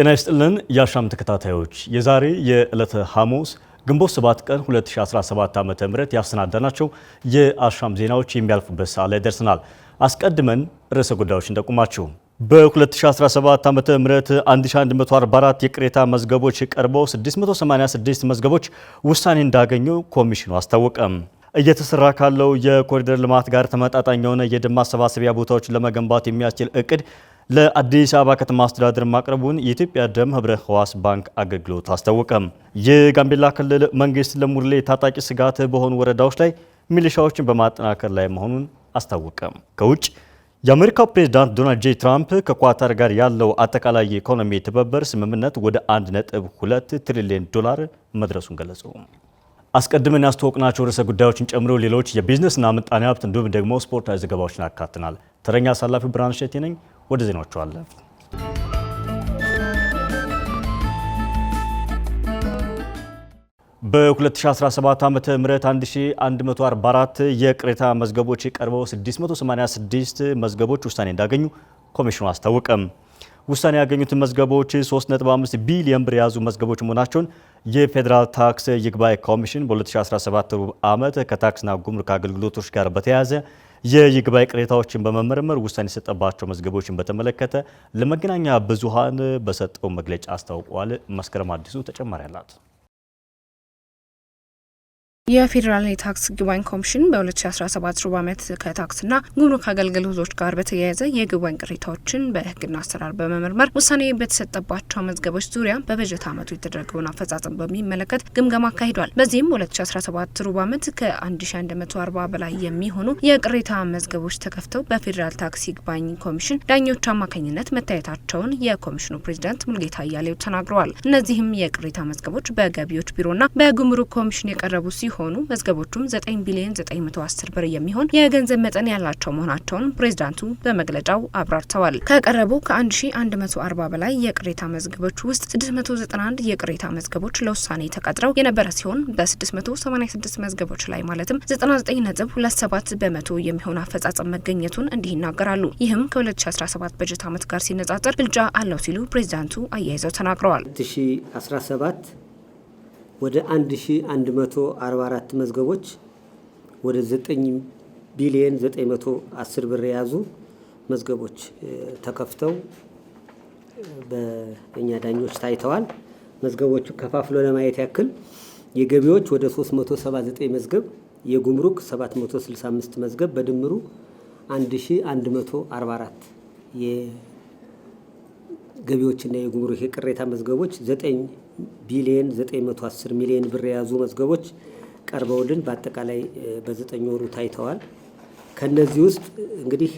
ጤና ይስጥልን የአሻም ተከታታዮች፣ የዛሬ የዕለተ ሐሙስ ግንቦት 7 ቀን 2017 ም ያሰናዳናቸው የአሻም ዜናዎች የሚያልፉበት ሰዓት ላይ ደርሰናል። አስቀድመን ርዕሰ ጉዳዮችን ጠቁማችሁ በ2017 ም 1144 የቅሬታ መዝገቦች ቀርበው 686 መዝገቦች ውሳኔ እንዳገኙ ኮሚሽኑ አስታወቀም። እየተሰራ ካለው የኮሪደር ልማት ጋር ተመጣጣኝ የሆነ የደም ማሰባሰቢያ ቦታዎችን ለመገንባት የሚያስችል እቅድ ለአዲስ አበባ ከተማ አስተዳደር ማቅረቡን የኢትዮጵያ ደም ህብረ ህዋስ ባንክ አገልግሎት አስታወቀም። የጋምቤላ ክልል መንግስት ለሙርሌ ታጣቂ ስጋት በሆኑ ወረዳዎች ላይ ሚሊሻዎችን በማጠናከር ላይ መሆኑን አስታወቀም። ከውጭ የአሜሪካው ፕሬዝዳንት ዶናልድ ጄ ትራምፕ ከኳታር ጋር ያለው አጠቃላይ የኢኮኖሚ ትብብር ስምምነት ወደ 1.2 ትሪሊዮን ዶላር መድረሱን ገለጹ። አስቀድመን ያስተዋወቅናቸው ርዕሰ ጉዳዮችን ጨምሮ ሌሎች የቢዝነስና ምጣኔ ሀብት እንዲሁም ደግሞ ስፖርታዊ ዘገባዎችን አካትናል። ተረኛ አሳላፊ ብርሃን ሸቴ ነኝ። ወደ ዜናዎቹ አለፍ። በ2017 ዓ ም 1144 የቅሬታ መዝገቦች ቀርበው 686 መዝገቦች ውሳኔ እንዳገኙ ኮሚሽኑ አስታወቀም። ውሳኔ ያገኙትን መዝገቦች 3.5 ቢሊዮን ብር የያዙ መዝገቦች መሆናቸውን የፌዴራል ታክስ ይግባይ ኮሚሽን በ2017 ዓመት ከታክስና ጉምሩክ አገልግሎቶች ጋር በተያያዘ የይግባይ ቅሬታዎችን በመመርመር ውሳኔ የሰጠባቸው መዝገቦችን በተመለከተ ለመገናኛ ብዙሃን በሰጠው መግለጫ አስታውቋል። መስከረም አዲሱ ተጨማሪ አላት። የፌዴራል የታክስ ግባኝ ኮሚሽን በ2017 ሩብ ዓመት ከታክስና ጉምሩክ አገልግሎቶች ጋር በተያያዘ የግባኝ ቅሬታዎችን በሕግና አሰራር በመመርመር ውሳኔ በተሰጠባቸው መዝገቦች ዙሪያ በበጀት ዓመቱ የተደረገውን አፈጻጸም በሚመለከት ግምገማ አካሂዷል። በዚህም 2017 ሩብ ዓመት ከ1140 በላይ የሚሆኑ የቅሬታ መዝገቦች ተከፍተው በፌዴራል ታክስ ግባኝ ኮሚሽን ዳኞች አማካኝነት መታየታቸውን የኮሚሽኑ ፕሬዚዳንት ሙልጌታ አያሌው ተናግረዋል። እነዚህም የቅሬታ መዝገቦች በገቢዎች ቢሮና በጉምሩክ ኮሚሽን የቀረቡ ሲሆን ሲሆኑ መዝገቦቹም 9 ቢሊዮን 910 ብር የሚሆን የገንዘብ መጠን ያላቸው መሆናቸውን ፕሬዚዳንቱ በመግለጫው አብራርተዋል። ከቀረቡ ከ1140 በላይ የቅሬታ መዝገቦች ውስጥ 691 የቅሬታ መዝገቦች ለውሳኔ ተቀጥረው የነበረ ሲሆን በ686 መዝገቦች ላይ ማለትም 99.27 በመቶ የሚሆን አፈጻጸም መገኘቱን እንዲህ ይናገራሉ። ይህም ከ2017 በጀት ዓመት ጋር ሲነጻጸር ብልጫ አለው ሲሉ ፕሬዚዳንቱ አያይዘው ተናግረዋል። 2017 ወደ 1144 መዝገቦች ወደ 9 ቢሊየን 910 ብር የያዙ መዝገቦች ተከፍተው በእኛ ዳኞች ታይተዋል። መዝገቦቹ ከፋፍሎ ለማየት ያክል የገቢዎች ወደ 379 መዝገብ፣ የጉምሩክ 765 መዝገብ በድምሩ 1144 የገቢዎችና የጉምሩክ የቅሬታ መዝገቦች 9 ቢሊየን 910 ሚሊዮን ብር የያዙ መዝገቦች ቀርበውልን በአጠቃላይ በዘጠኝ ወሩ ታይተዋል። ከነዚህ ውስጥ እንግዲህ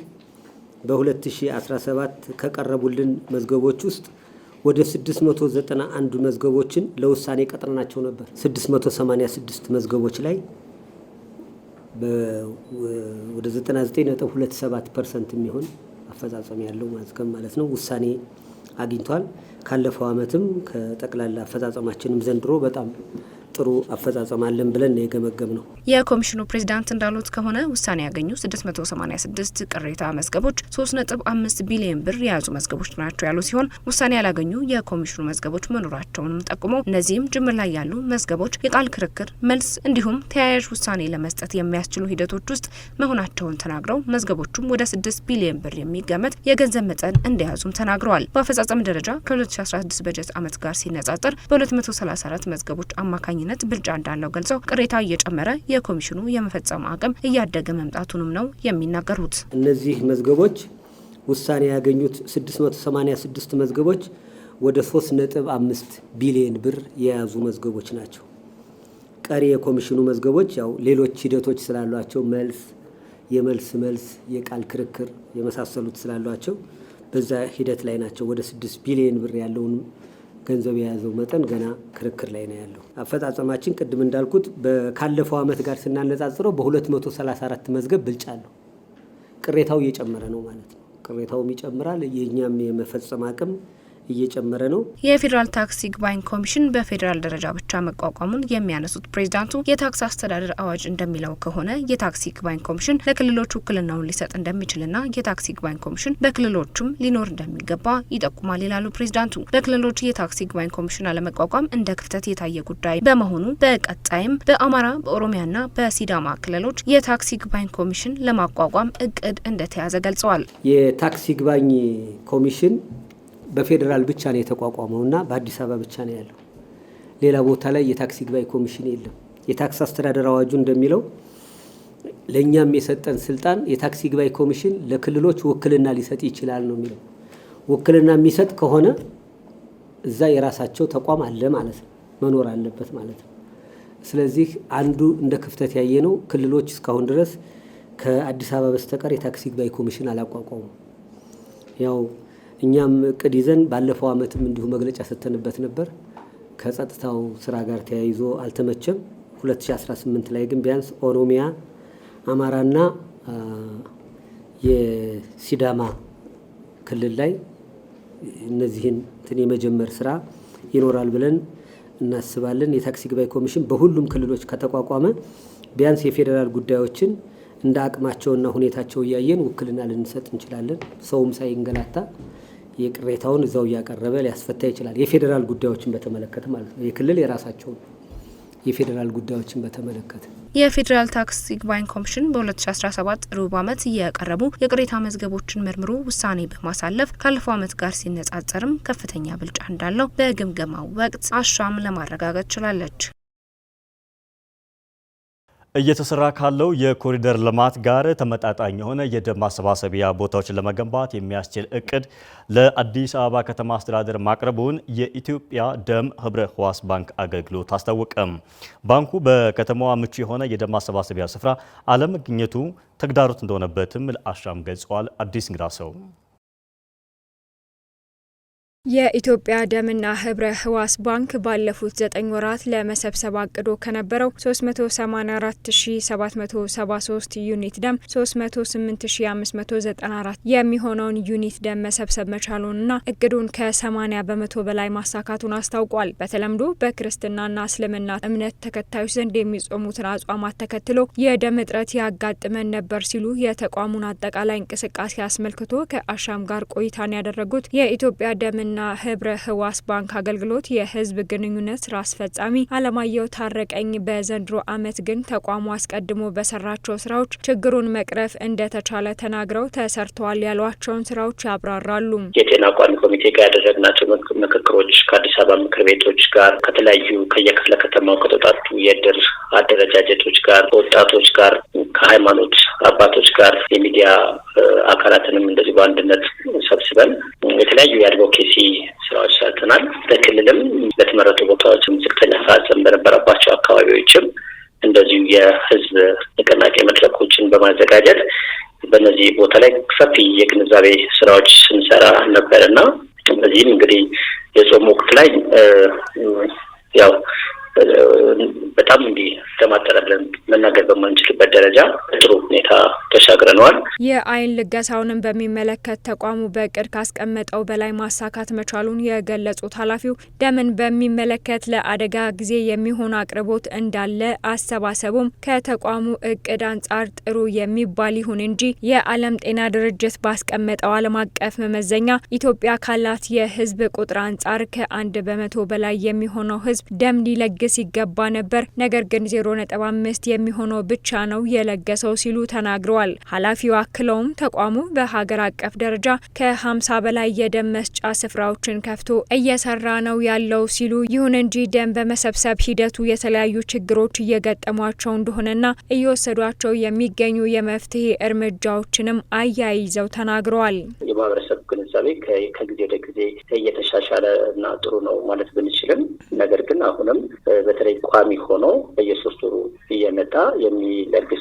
በ2017 ከቀረቡልን መዝገቦች ውስጥ ወደ 691 መዝገቦችን ለውሳኔ ቀጥረናቸው ነበር። 686 መዝገቦች ላይ ወደ 99.27 ፐርሰንት የሚሆን አፈጻጸም ያለው መዝገብ ማለት ነው ውሳኔ አግኝቷል። ካለፈው ዓመትም ከጠቅላላ አፈጻጸማችንም ዘንድሮ በጣም ጥሩ አፈጻጸም አለን ብለን ነው የገመገብ ነው። የኮሚሽኑ ፕሬዚዳንት እንዳሉት ከሆነ ውሳኔ ያገኙ 686 ቅሬታ መዝገቦች 3.5 ቢሊዮን ብር የያዙ መዝገቦች ናቸው ያሉ ሲሆን ውሳኔ ያላገኙ የኮሚሽኑ መዝገቦች መኖራቸውንም ጠቁሞ እነዚህም ጅምር ላይ ያሉ መዝገቦች የቃል ክርክር መልስ፣ እንዲሁም ተያያዥ ውሳኔ ለመስጠት የሚያስችሉ ሂደቶች ውስጥ መሆናቸውን ተናግረው መዝገቦቹም ወደ 6 ቢሊዮን ብር የሚገመት የገንዘብ መጠን እንደያዙም ተናግረዋል። በአፈጻጸም ደረጃ ከ2016 በጀት ዓመት ጋር ሲነጻጸር በ234 መዝገቦች አማካኝነት ተወዳዳሪነት ብልጫ እንዳለው ገልጸው ቅሬታ እየጨመረ የኮሚሽኑ የመፈጸም አቅም እያደገ መምጣቱንም ነው የሚናገሩት። እነዚህ መዝገቦች ውሳኔ ያገኙት 686 መዝገቦች ወደ 3.5 ቢሊዮን ብር የያዙ መዝገቦች ናቸው። ቀሪ የኮሚሽኑ መዝገቦች ያው ሌሎች ሂደቶች ስላሏቸው መልስ፣ የመልስ መልስ፣ የቃል ክርክር የመሳሰሉት ስላሏቸው በዛ ሂደት ላይ ናቸው። ወደ 6 ቢሊዮን ብር ያለውን ገንዘብ የያዘው መጠን ገና ክርክር ላይ ነው ያለው። አፈጻጸማችን ቅድም እንዳልኩት ካለፈው ዓመት ጋር ስናነጻጽረው በ234 መዝገብ ብልጫ አለው። ቅሬታው እየጨመረ ነው ማለት ነው። ቅሬታውም ይጨምራል፣ የእኛም የመፈጸም አቅም እየጨመረ ነው። የፌዴራል ታክስ ይግባኝ ኮሚሽን በፌዴራል ደረጃ ብቻ መቋቋሙን የሚያነሱት ፕሬዚዳንቱ የታክስ አስተዳደር አዋጅ እንደሚለው ከሆነ የታክስ ይግባኝ ኮሚሽን ለክልሎች ውክልናውን ሊሰጥ እንደሚችልና የታክስ ይግባኝ ኮሚሽን በክልሎቹም ሊኖር እንደሚገባ ይጠቁማል ይላሉ ፕሬዚዳንቱ። በክልሎች የታክስ ይግባኝ ኮሚሽን አለመቋቋም እንደ ክፍተት የታየ ጉዳይ በመሆኑ በቀጣይም በአማራ በኦሮሚያና በሲዳማ ክልሎች የታክስ ይግባኝ ኮሚሽን ለማቋቋም እቅድ እንደተያዘ ገልጸዋል። የታክስ ይግባኝ ኮሚሽን በፌዴራል ብቻ ነው የተቋቋመው እና በአዲስ አበባ ብቻ ነው ያለው። ሌላ ቦታ ላይ የታክሲ ግባይ ኮሚሽን የለም። የታክስ አስተዳደር አዋጁ እንደሚለው ለእኛም የሰጠን ስልጣን የታክሲ ግባይ ኮሚሽን ለክልሎች ውክልና ሊሰጥ ይችላል ነው የሚለው። ውክልና የሚሰጥ ከሆነ እዛ የራሳቸው ተቋም አለ ማለት ነው፣ መኖር አለበት ማለት ነው። ስለዚህ አንዱ እንደ ክፍተት ያየ ነው። ክልሎች እስካሁን ድረስ ከአዲስ አበባ በስተቀር የታክሲ ግባይ ኮሚሽን አላቋቋሙም ያው እኛም እቅድ ይዘን ባለፈው ዓመትም እንዲሁ መግለጫ ሰተንበት ነበር። ከጸጥታው ስራ ጋር ተያይዞ አልተመቸም። 2018 ላይ ግን ቢያንስ ኦሮሚያ፣ አማራና የሲዳማ ክልል ላይ እነዚህን እንትን የመጀመር ስራ ይኖራል ብለን እናስባለን። የታክሲ ግባይ ኮሚሽን በሁሉም ክልሎች ከተቋቋመ ቢያንስ የፌዴራል ጉዳዮችን እንደ አቅማቸውና ሁኔታቸው እያየን ውክልና ልንሰጥ እንችላለን። ሰውም ሳይንገላታ የቅሬታውን እዛው እያቀረበ ሊያስፈታ ይችላል። የፌዴራል ጉዳዮችን በተመለከተ ማለት ነው። የክልል የራሳቸውን የፌዴራል ጉዳዮችን በተመለከተ የፌዴራል ታክስ ይግባኝ ኮሚሽን በ2017 ሩብ ዓመት የቀረቡ የቅሬታ መዝገቦችን መርምሮ ውሳኔ በማሳለፍ ካለፈው ዓመት ጋር ሲነጻጸርም ከፍተኛ ብልጫ እንዳለው በግምገማው ወቅት አሻም ለማረጋገጥ ችላለች። እየተሰራ ካለው የኮሪደር ልማት ጋር ተመጣጣኝ የሆነ የደም ማሰባሰቢያ ቦታዎችን ለመገንባት የሚያስችል እቅድ ለአዲስ አበባ ከተማ አስተዳደር ማቅረቡን የኢትዮጵያ ደም ህብረ ህዋስ ባንክ አገልግሎት አስታወቀም። ባንኩ በከተማዋ ምቹ የሆነ የደም ማሰባሰቢያ ስፍራ አለመገኘቱ ተግዳሮት እንደሆነበትም ለአሻም ገልጸዋል። አዲስ እንግዳ ሰው የኢትዮጵያ ደምና ህብረ ህዋስ ባንክ ባለፉት ዘጠኝ ወራት ለመሰብሰብ አቅዶ ከነበረው 384773 ዩኒት ደም 308594 የሚሆነውን ዩኒት ደም መሰብሰብ መቻሉንና እቅዱን ከ80 በመቶ በላይ ማሳካቱን አስታውቋል። በተለምዶ በክርስትናና እስልምና እምነት ተከታዮች ዘንድ የሚጾሙትን አጽዋማት ተከትሎ የደም እጥረት ያጋጥመን ነበር ሲሉ የተቋሙን አጠቃላይ እንቅስቃሴ አስመልክቶ ከአሻም ጋር ቆይታን ያደረጉት የኢትዮጵያ ደምና ና ህብረ ህዋስ ባንክ አገልግሎት የህዝብ ግንኙነት ስራ አስፈጻሚ አለማየሁ ታረቀኝ በዘንድሮ አመት ግን ተቋሙ አስቀድሞ በሰራቸው ስራዎች ችግሩን መቅረፍ እንደተቻለ ተናግረው ተሰርተዋል ያሏቸውን ስራዎች ያብራራሉ። የጤና ቋሚ ኮሚቴ ጋር ያደረግናቸው ምክክሮች ከአዲስ አበባ ምክር ቤቶች ጋር ከተለያዩ ከየክፍለ ከተማው ከተውጣጡ የድር አደረጃጀቶች ጋር ከወጣቶች ጋር ከሃይማኖት አባቶች ጋር የሚዲያ አካላትንም እንደዚህ በአንድነት ሰብስበን የተለያዩ የአድቮኬሲ ስራዎች ሰርተናል። በክልልም በተመረጡ ቦታዎችም ዝቅተኛ አፈጻጸም በነበረባቸው አካባቢዎችም እንደዚሁ የህዝብ ንቅናቄ መድረኮችን በማዘጋጀት በእነዚህ ቦታ ላይ ሰፊ የግንዛቤ ስራዎች ስንሰራ ነበር እና በዚህም እንግዲህ የጾም ወቅት ላይ ያው በጣም እንዲህ ለማጠረ ብለን መናገር በማንችልበት ደረጃ ጥሩ ሁኔታ ተሻግረነዋል። የአይን ልገሳውንም በሚመለከት ተቋሙ በእቅድ ካስቀመጠው በላይ ማሳካት መቻሉን የገለጹት ኃላፊው ደምን በሚመለከት ለአደጋ ጊዜ የሚሆን አቅርቦት እንዳለ አሰባሰቡም ከተቋሙ እቅድ አንጻር ጥሩ የሚባል ይሁን እንጂ የዓለም ጤና ድርጅት ባስቀመጠው ዓለም አቀፍ መመዘኛ ኢትዮጵያ ካላት የህዝብ ቁጥር አንጻር ከአንድ በመቶ በላይ የሚሆነው ህዝብ ደም ሊለግስ ይገባ ነበር ነገር ግን ዜሮ አምስት የሚሆነው ብቻ ነው የለገሰው ሲሉ ተናግረዋል። ኃላፊው አክለውም ተቋሙ በሀገር አቀፍ ደረጃ ከሀምሳ በላይ የደም መስጫ ስፍራዎችን ከፍቶ እየሰራ ነው ያለው ሲሉ ይሁን እንጂ ደም በመሰብሰብ ሂደቱ የተለያዩ ችግሮች እየገጠሟቸው እንደሆነና እየወሰዷቸው የሚገኙ የመፍትሄ እርምጃዎችንም አያይዘው ተናግረዋል። የማህበረሰብ ግንዛቤ ከጊዜ ወደ ጊዜ እየተሻሻለ እና ጥሩ ነው ማለት ብንችልም ነገር ግን አሁንም በተለይ ቋሚ ሆኖ በየሶስት ሚኒስትሩ እየመጣ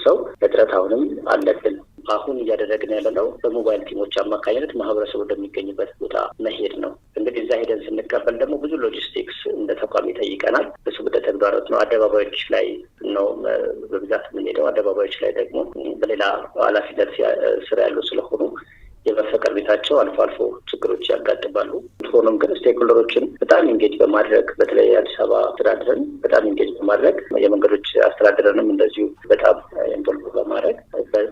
ሰው እጥረት አሁንም አለብን። አሁን እያደረግን ያለነው በሞባይል ቲሞች አማካኝነት ማህበረሰቡ ወደሚገኝበት ቦታ መሄድ ነው። እንግዲህ እዛ ሄደን ስንቀበል ደግሞ ብዙ ሎጂስቲክስ እንደ ተቋም ይጠይቀናል። እሱ ወደ ተግዳሮት ነው። አደባባዮች ላይ ነው በብዛት የምንሄደው። አደባባዮች ላይ ደግሞ በሌላ ኃላፊነት ስራ ያሉ ስለሆኑ የመፈቀር ቤታቸው አልፎ አልፎ ችግሮች ያጋጥማሉ። ሆኖም ግን ስቴክሆልደሮችን በጣም ኢንጌጅ በማድረግ በተለይ አዲስ አበባ አስተዳደርን በጣም ኢንጌጅ በማድረግ የመንገዶች አስተዳደርንም እንደዚሁ በጣም ኢንቮልቭ በማድረግ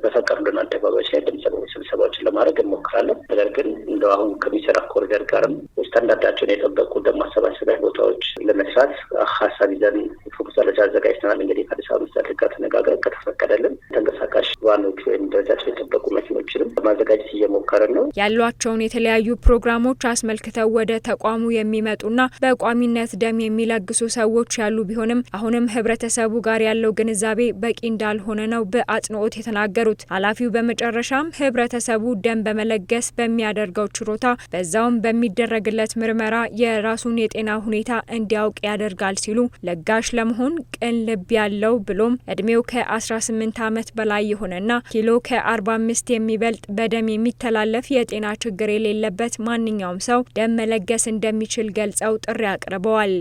በፈቀዱልን አደባባዮች ላይ ድምፅ ስብሰባዎችን ለማድረግ እንሞክራለን። ነገር ግን እንደ አሁን ከሚሰራ ኮሪደር ጋርም ስታንዳርዳቸውን የጠበቁ ደግሞ አሰባሰቢያ ቦታዎች ለመስራት ሀሳብ ይዘን ፎክስ አዘጋጅተናል። እንግዲህ ከአዲስ አበባ መሸጋገር ከተፈቀደልን ተንቀሳቃሽ ዋኖች ወይም ደረጃቸው የጠበቁ መኪኖችንም ማዘጋጀት እየሞከርን ነው። ያሏቸውን የተለያዩ ፕሮግራሞች አስመልክተው ወደ ተቋሙ የሚመጡና በቋሚነት ደም የሚለግሱ ሰዎች ያሉ ቢሆንም አሁንም ህብረተሰቡ ጋር ያለው ግንዛቤ በቂ እንዳልሆነ ነው በአጽንኦት የተናገሩት ኃላፊው። በመጨረሻም ህብረተሰቡ ደም በመለገስ በሚያደርገው ችሮታ በዛውም በሚደረግለት ምርመራ የራሱን የጤና ሁኔታ እንዲያውቅ ያደርጋል ሲሉ ለጋሽ ለመሆን ቅን ልብ ያለው ብሎም እድሜው ከ18 ዓመት በላይ የሆነና ኪሎ ከ45 የሚበልጥ በደም የሚተላለፍ የጤና ችግር የሌለበት ማንኛውም ሰው ደም መለገስ እንደሚችል ገልጸው ጥሪ አቅርበዋል።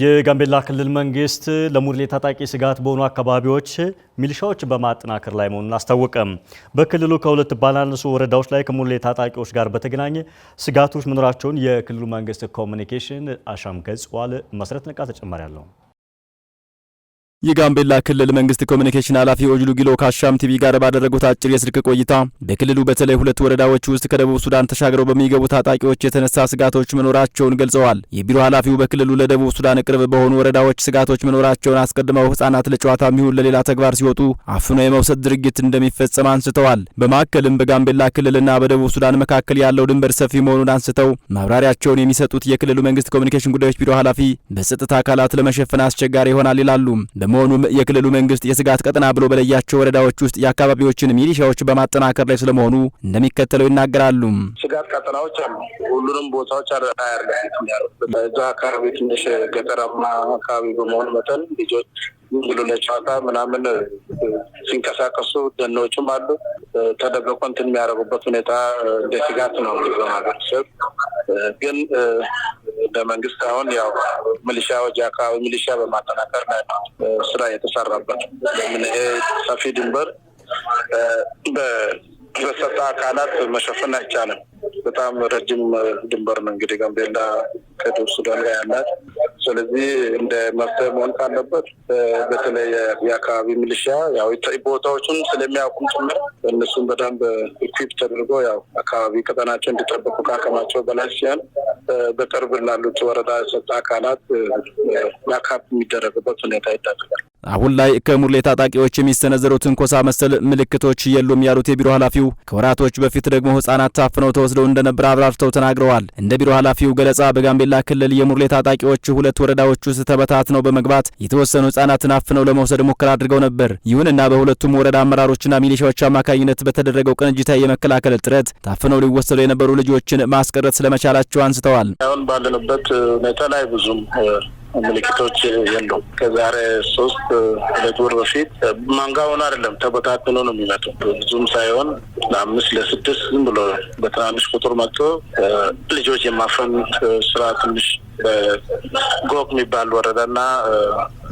የጋምቤላ ክልል መንግስት ለሙርሌ ታጣቂ ስጋት በሆኑ አካባቢዎች ሚሊሻዎች በማጠናከር ላይ መሆኑን አስታወቀም። በክልሉ ከሁለት ባላነሱ ወረዳዎች ላይ ከሙርሌ ታጣቂዎች ጋር በተገናኘ ስጋቶች መኖራቸውን የክልሉ መንግስት ኮሚኒኬሽን አሻም ገልጿል። መሰረት ነቃ ተጨማሪ አለው። የጋምቤላ ክልል መንግስት ኮሚኒኬሽን ኃላፊ ኦጅሉ ጊሎ ካሻም ቲቪ ጋር ባደረጉት አጭር የስልክ ቆይታ በክልሉ በተለይ ሁለት ወረዳዎች ውስጥ ከደቡብ ሱዳን ተሻግረው በሚገቡ ታጣቂዎች የተነሳ ስጋቶች መኖራቸውን ገልጸዋል። የቢሮ ኃላፊው በክልሉ ለደቡብ ሱዳን ቅርብ በሆኑ ወረዳዎች ስጋቶች መኖራቸውን አስቀድመው ህጻናት ለጨዋታ የሚሆን ለሌላ ተግባር ሲወጡ አፍኖ የመውሰድ ድርጊት እንደሚፈጸም አንስተዋል። በማዕከልም በጋምቤላ ክልልና በደቡብ ሱዳን መካከል ያለው ድንበር ሰፊ መሆኑን አንስተው ማብራሪያቸውን የሚሰጡት የክልሉ መንግስት ኮሚኒኬሽን ጉዳዮች ቢሮ ኃላፊ በጸጥታ አካላት ለመሸፈን አስቸጋሪ ይሆናል ይላሉ። በመሆኑም የክልሉ መንግስት የስጋት ቀጠና ብሎ በለያቸው ወረዳዎች ውስጥ የአካባቢዎችን ሚሊሻዎች በማጠናከር ላይ ስለመሆኑ እንደሚከተለው ይናገራሉ። ስጋት ቀጠናዎች አሉ። ሁሉንም ቦታዎች አያርጋ በዛ አካባቢ ትንሽ ገጠራማ አካባቢ በመሆኑ መጠን ልጆች ብሎ ለጨዋታ ምናምን ሲንቀሳቀሱ ደኖችም አሉ ተደብቆ እንትን የሚያደርጉበት ሁኔታ እንደ ስጋት ነው። ማህበረሰብ ግን እንደ መንግስት አሁን ያው ሚሊሻዎች የአካባቢ ሚሊሻ በማጠናከር ላይ ስራ የተሰራበት ለምን ይሄ ሰፊ ድንበር በሰጠ አካላት መሸፈን አይቻልም። በጣም ረጅም ድንበር ነው እንግዲህ ጋምቤላ ከደቡብ ሱዳን ጋር ያላት። ስለዚህ እንደ መፍትሄ መሆን ካለበት በተለይ የአካባቢ ሚሊሻ ያው ቦታዎቹን ስለሚያውቁም ጭምር እነሱም በደንብ ኢኩፕ ተደርጎ ያው አካባቢ ቀጠናቸው እንዲጠበቁ ከአቅማቸው በላይ ሲሆን በቅርብ ላሉት ወረዳ የጸጥታ አካላት ያካፕ የሚደረግበት ሁኔታ ይደረጋል። አሁን ላይ ከሙርሌ ታጣቂዎች የሚሰነዘሩ ትንኮሳ መሰል ምልክቶች የሉም ያሉት የቢሮ ኃላፊው ከወራቶች በፊት ደግሞ ህጻናት ታፍነው ተወስደው እንደነበር አብራርተው ተናግረዋል። እንደ ቢሮ ኃላፊው ገለጻ በጋምቤላ ክልል የሙርሌ ታጣቂዎች ሁለት ወረዳዎች ውስጥ ተበታትነው በመግባት የተወሰኑ ህጻናትን አፍነው ለመውሰድ ሙከራ አድርገው ነበር። ይሁንና በሁለቱም ወረዳ አመራሮችና ሚሊሻዎች አማካኝነት በተደረገው ቅንጅታዊ የመከላከል ጥረት ታፍነው ሊወሰዱ የነበሩ ልጆችን ማስቀረት ስለመቻላቸው አንስተዋል። አሁን ባለንበት ሁኔታ ላይ ብዙም ምልክቶች የለው ከዛሬ ሶስት ሁለት ወር በፊት ማንጋውን አይደለም ተበታትኖ ነው የሚመጡ ብዙም ሳይሆን ለአምስት ለስድስት ዝም ብሎ በትናንሽ ቁጥር መጥቶ ልጆች የማፈን ስራ ትንሽ በጎክ የሚባል ወረዳና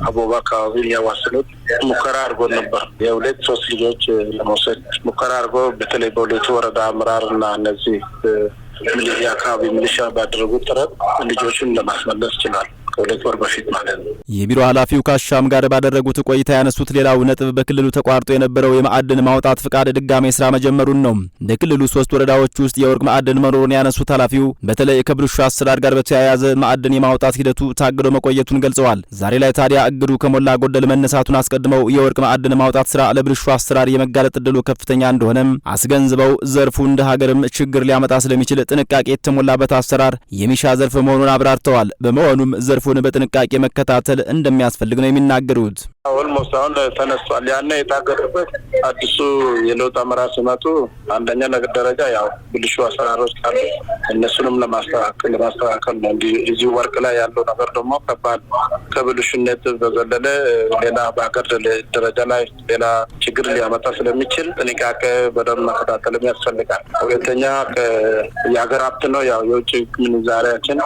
አቦባ አካባቢ የሚያዋስኑት ሙከራ አድርጎ ነበር። የሁለት ሶስት ልጆች ለመውሰድ ሙከራ አድርጎ በተለይ በሁለቱ ወረዳ አምራር እና እነዚህ ሚሊሻ አካባቢ ሚሊሻ ባደረጉት ጥረት ልጆቹን ለማስመለስ ችሏል። ከሁለት ወር በፊት ማለት ነው። የቢሮ ኃላፊው ከአሻም ጋር ባደረጉት ቆይታ ያነሱት ሌላው ነጥብ በክልሉ ተቋርጦ የነበረው የማዕድን ማውጣት ፍቃድ ድጋሜ ስራ መጀመሩን ነው። በክልሉ ሶስት ወረዳዎች ውስጥ የወርቅ ማዕድን መኖሩን ያነሱት ኃላፊው በተለይ ከብልሹ አሰራር ጋር በተያያዘ ማዕድን የማውጣት ሂደቱ ታግዶ መቆየቱን ገልጸዋል። ዛሬ ላይ ታዲያ እግዱ ከሞላ ጎደል መነሳቱን አስቀድመው የወርቅ ማዕድን ማውጣት ስራ ለብልሹ አሰራር የመጋለጥ እድሉ ከፍተኛ እንደሆነም አስገንዝበው ዘርፉ እንደ ሀገርም ችግር ሊያመጣ ስለሚችል ጥንቃቄ የተሞላበት አሰራር የሚሻ ዘርፍ መሆኑን አብራርተዋል። በመሆኑም ዘርፉ ሰልፉን በጥንቃቄ መከታተል እንደሚያስፈልግ ነው የሚናገሩት። ኦልሞስት አሁን ተነስቷል። ያነ የታገዱበት አዲሱ የለውጥ አመራር ሲመጡ አንደኛ ነገር ደረጃ ያው ብልሹ አሰራሮች ካሉ እነሱንም ለማስተካከል ለማስተካከል ነው። እንዲህ ወርቅ ላይ ያለው ነገር ደግሞ ከባድ ከብልሹነት በዘለለ ሌላ በሀገር ደረጃ ላይ ሌላ ችግር ሊያመጣ ስለሚችል ጥንቃቄ በደንብ መከታተልም ያስፈልጋል። ሁለተኛ የሀገር ሀብት ነው። ያው የውጭ ምንዛሪያችን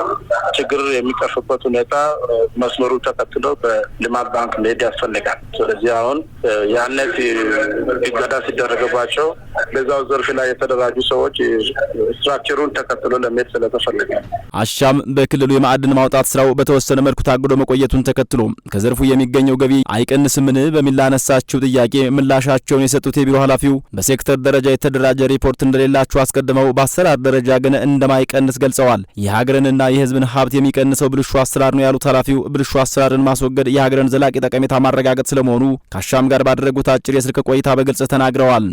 ችግር የሚቀርፍበት ሁኔታ ቀጥታ መስመሩ ተከትሎ በልማት ባንክ መሄድ ያስፈልጋል። ስለዚህ አሁን ያነት እገዳ ሲደረግባቸው በዛው ዘርፍ ላይ የተደራጁ ሰዎች ስትራክቸሩን ተከትሎ ለመሄድ ስለተፈለገ አሻም በክልሉ የማዕድን ማውጣት ስራው በተወሰነ መልኩ ታግዶ መቆየቱን ተከትሎ ከዘርፉ የሚገኘው ገቢ አይቀንስምን በሚል ላነሳችው ጥያቄ ምላሻቸውን የሰጡት የቢሮ ኃላፊው በሴክተር ደረጃ የተደራጀ ሪፖርት እንደሌላቸው አስቀድመው በአሰራር ደረጃ ግን እንደማይቀንስ ገልጸዋል። የሀገርንና የሕዝብን ሀብት የሚቀንሰው ብልሹ አሰራር ነው ያሉት ኃላፊው ብልሹ አሰራርን ማስወገድ የሀገርን ዘላቂ ጠቀሜታ ማረጋገጥ ስለመሆኑ ከአሻም ጋር ባደረጉት አጭር የስልክ ቆይታ በግልጽ ተናግረዋል።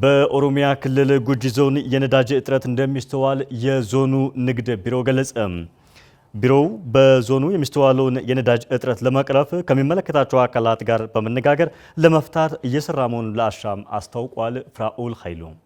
በኦሮሚያ ክልል ጉጂ ዞን የነዳጅ እጥረት እንደሚስተዋል የዞኑ ንግድ ቢሮ ገለጸ። ቢሮው በዞኑ የሚስተዋለውን የነዳጅ እጥረት ለመቅረፍ ከሚመለከታቸው አካላት ጋር በመነጋገር ለመፍታት እየሰራ መሆኑን ለአሻም አስታውቋል። ፍራኡል ኃይሉም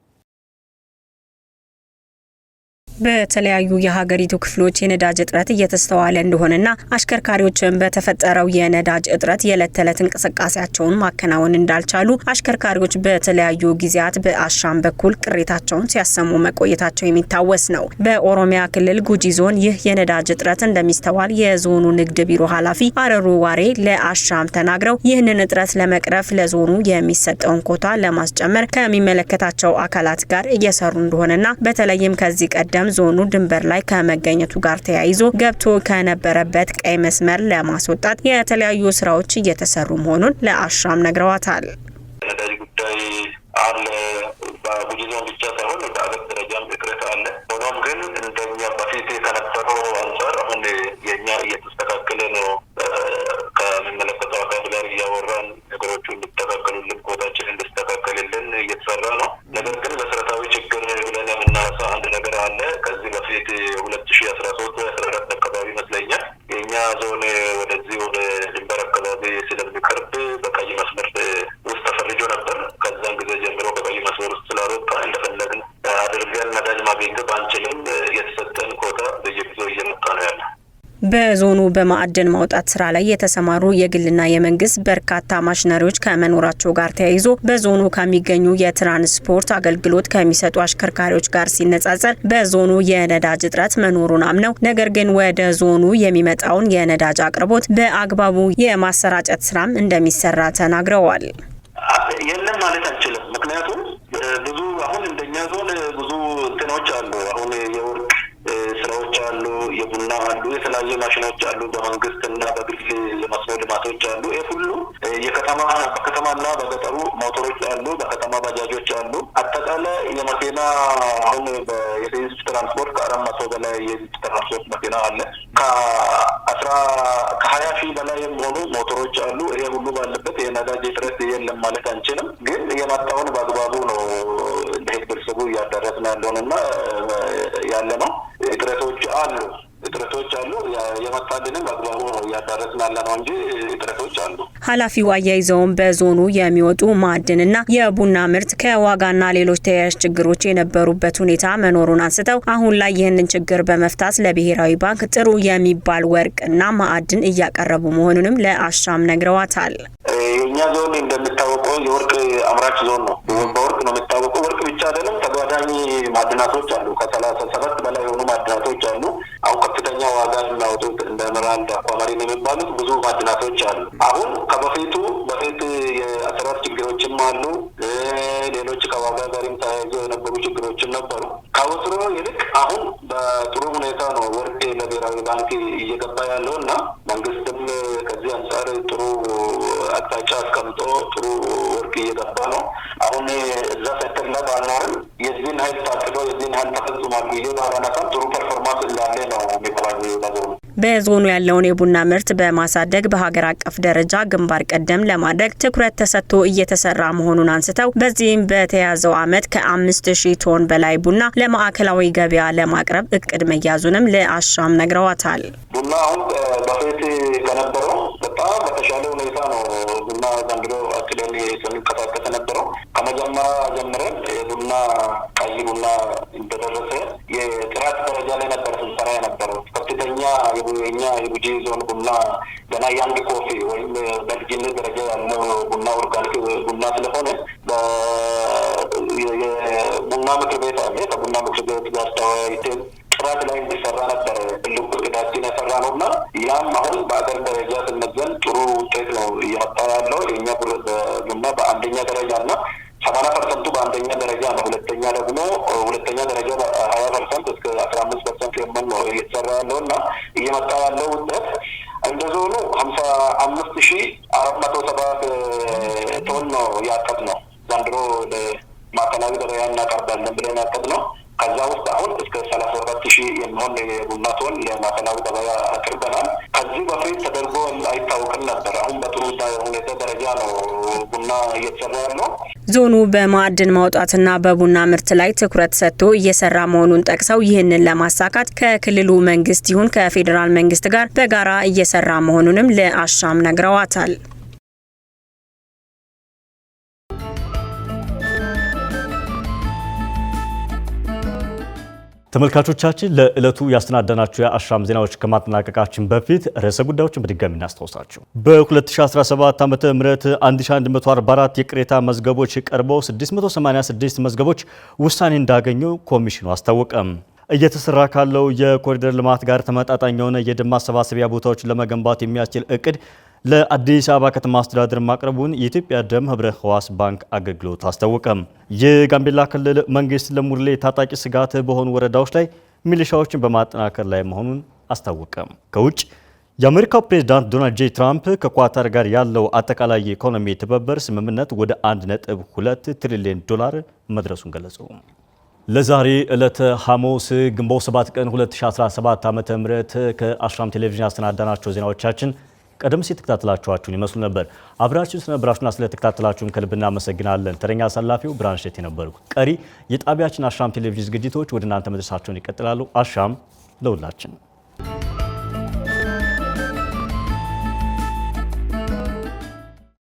በተለያዩ የሀገሪቱ ክፍሎች የነዳጅ እጥረት እየተስተዋለ እንደሆነና አሽከርካሪዎችን በተፈጠረው የነዳጅ እጥረት የዕለት ተዕለት እንቅስቃሴያቸውን ማከናወን እንዳልቻሉ አሽከርካሪዎች በተለያዩ ጊዜያት በአሻም በኩል ቅሬታቸውን ሲያሰሙ መቆየታቸው የሚታወስ ነው። በኦሮሚያ ክልል ጉጂ ዞን ይህ የነዳጅ እጥረት እንደሚስተዋል የዞኑ ንግድ ቢሮ ኃላፊ አረሩ ዋሬ ለአሻም ተናግረው ይህንን እጥረት ለመቅረፍ ለዞኑ የሚሰጠውን ኮታ ለማስጨመር ከሚመለከታቸው አካላት ጋር እየሰሩ እንደሆነና በተለይም ከዚህ ቀደም በመጠቀም ዞኑ ድንበር ላይ ከመገኘቱ ጋር ተያይዞ ገብቶ ከነበረበት ቀይ መስመር ለማስወጣት የተለያዩ ስራዎች እየተሰሩ መሆኑን ለአሻም ነግረዋታል። ጉዳይ አለ በጉጂ ዞን ብቻ ሳይሆን በዞኑ በማዕድን ማውጣት ስራ ላይ የተሰማሩ የግልና የመንግስት በርካታ ማሽነሪዎች ከመኖራቸው ጋር ተያይዞ በዞኑ ከሚገኙ የትራንስፖርት አገልግሎት ከሚሰጡ አሽከርካሪዎች ጋር ሲነጻጸር በዞኑ የነዳጅ እጥረት መኖሩን አምነው፣ ነገር ግን ወደ ዞኑ የሚመጣውን የነዳጅ አቅርቦት በአግባቡ የማሰራጨት ስራም እንደሚሰራ ተናግረዋል። የለም ማለት አንችልም። ምክንያቱም ብዙ አሁን እንደኛ ዞን ብዙ እንትኖች አሉ አሁን የወርቅ ስራዎች አሉ፣ የቡና አሉ፣ የተለያዩ ማሽኖች አሉ፣ በመንግስት እና በግል የመስኖ ልማቶች አሉ። ይህ ሁሉ የከተማ በከተማና በገጠሩ ሞተሮች አሉ፣ በከተማ ባጃጆች አሉ። አጠቃላይ የመኪና አሁን የህዝብ ትራንስፖርት ከአራት መቶ በላይ የህዝብ ትራንስፖርት መኪና አለ። ከአስራ ከሀያ ሺህ በላይ የሚሆኑ ሞተሮች አሉ። ይሄ ሁሉ ባለበት የነዳጅ እጥረት የለም ማለት አንችልም። ግን የመጣውን በአግባቡ ነው ለህብረተሰቡ እያዳረስን ያለውን እና ያለ ነው። አሉ እጥረቶች አሉ። የመጣልንም አግባቡ ነው እያዳረስን ያለ ነው እንጂ እጥረቶች አሉ። ኃላፊው አያይዘውን በዞኑ የሚወጡ ማዕድንና የቡና ምርት ከዋጋና ሌሎች ተያያዥ ችግሮች የነበሩበት ሁኔታ መኖሩን አንስተው አሁን ላይ ይህንን ችግር በመፍታት ለብሔራዊ ባንክ ጥሩ የሚባል ወርቅና ማዕድን እያቀረቡ መሆኑንም ለአሻም ነግረዋታል። የእኛ ዞን እንደሚታወቀው የወርቅ አምራች ዞን ነው። በወርቅ ነው የሚታወቀው። ወርቅ ብቻ አይደለም፣ ተጓዳኝ ማዕድናቶች አሉ ከሰላሳ ሰባት በላይ ማድናቶች አሉ። አሁን ከፍተኛ ዋጋ የሚያወጡት እንደ ኤመራልድ፣ አኳማሪን የሚባሉት ብዙ ማድናቶች አሉ። አሁን ከበፊቱ በፊት የአሰራር ችግሮችም አሉ። ሌሎች ከዋጋ ጋርም ተያይዞ የነበሩ ችግሮችም ነበሩ። ከወትሮ ይልቅ አሁን በጥሩ ሁኔታ ነው ወርቅ ለብሔራዊ ባንክ እየገባ ያለው እና መንግስትም ከዚህ አንጻር ጥሩ አቅጣጫ አስቀምጦ ጥሩ ወርቅ እየገባ ነው። አሁን እዛ ሴክተር ላይ ባልኖርም የዚህን ሀይል ታቅዶ የዚህን ሀይል ተፈጽሟል ብዬ ባላነሳም ጥሩ ፐርፎርማንስ እንዳለ ነው የሚባል ነገሩ። በዞኑ ያለውን የቡና ምርት በማሳደግ በሀገር አቀፍ ደረጃ ግንባር ቀደም ለማድረግ ትኩረት ተሰጥቶ እየተሰራ መሆኑን አንስተው በዚህም በተያዘው አመት ከአምስት ሺህ ቶን በላይ ቡና ለማ ለማዕከላዊ ገበያ ለማቅረብ እቅድ መያዙንም ለአሻም ነግረዋታል። ቡና አሁን በፊት ከነበረው በጣም በተሻለ ሁኔታ ነው ቡና ዘንድሮ አክለን ስንንቀሳቀስ የነበረው ከመጀመሪያ ጀምረን የቡና ቀይ ቡና እንደደረሰ የጥራት ደረጃ ላይ ነበር ስንሰራ የነበረው ከፍተኛ የኛ የጉጂ ዞን ቡና ገና የአንድ ኮፊ ወይም በልጅነት ደረጃ ያለው ቡና ኦርጋኒክ ቡና ስለሆነ ቡና ምክር ቤት አለ። ከቡና ምክር ቤት ጋር ተወያይተን ጥራት ላይ እንዲሰራ ነበር ትልቁ እቅዳችን የሰራ ነው እና ያም አሁን በአገር ደረጃ ስንመዘን ጥሩ ውጤት ነው እያመጣ ያለው የኛ ቡና በአንደኛ ደረጃ እና ሰማንያ ፐርሰንቱ በአንደኛ ደረጃ ነው። ሁለተኛ ደግሞ ሁለተኛ ደረጃ ሀያ ፐርሰንት እስከ አስራ አምስት ፐርሰንት የምን ነው እየተሰራ ያለው እና በማዕድን ማውጣትና በቡና ምርት ላይ ትኩረት ሰጥቶ እየሰራ መሆኑን ጠቅሰው ይህንን ለማሳካት ከክልሉ መንግስት ይሁን ከፌዴራል መንግስት ጋር በጋራ እየሰራ መሆኑንም ለአሻም ነግረዋታል። ተመልካቾቻችን ለዕለቱ ያስተናዳናቸው የአሻም ዜናዎች ከማጠናቀቃችን በፊት ርዕሰ ጉዳዮችን በድጋሚ እናስታውሳችሁ። በ2017 ዓ ም 1144 የቅሬታ መዝገቦች ቀርበው 686 መዝገቦች ውሳኔ እንዳገኙ ኮሚሽኑ አስታወቀም። እየተሰራ ካለው የኮሪደር ልማት ጋር ተመጣጣኝ የሆነ የደም ማሰባሰቢያ ቦታዎችን ለመገንባት የሚያስችል እቅድ ለአዲስ አበባ ከተማ አስተዳደር ማቅረቡን የኢትዮጵያ ደም ህብረ ህዋስ ባንክ አገልግሎት አስታወቀም። የጋምቤላ ክልል መንግስት ለሙርሌ ታጣቂ ስጋት በሆኑ ወረዳዎች ላይ ሚሊሻዎችን በማጠናከር ላይ መሆኑን አስታወቀም። ከውጭ የአሜሪካው ፕሬዝዳንት ዶናልድ ጄ ትራምፕ ከኳታር ጋር ያለው አጠቃላይ የኢኮኖሚ ትብብር ስምምነት ወደ 1.2 ትሪሊዮን ዶላር መድረሱን ገለጹ። ለዛሬ ዕለተ ሐሙስ ግንቦት 7 ቀን 2017 ም ከአሻም ቴሌቪዥን ያስተናዳናቸው ዜናዎቻችን ቀደም ሲል ተከታተላችኋችሁን ይመስሉ ነበር። አብራችሁን ስለነበራችሁና ስለተከታተላችሁን ከልብ እናመሰግናለን። ተረኛ አሳላፊው ብራንሸት የነበርኩ። ቀሪ የጣቢያችን አሻም ቴሌቪዥን ዝግጅቶች ወደ እናንተ መድረሳቸውን ይቀጥላሉ። አሻም ለሁላችን!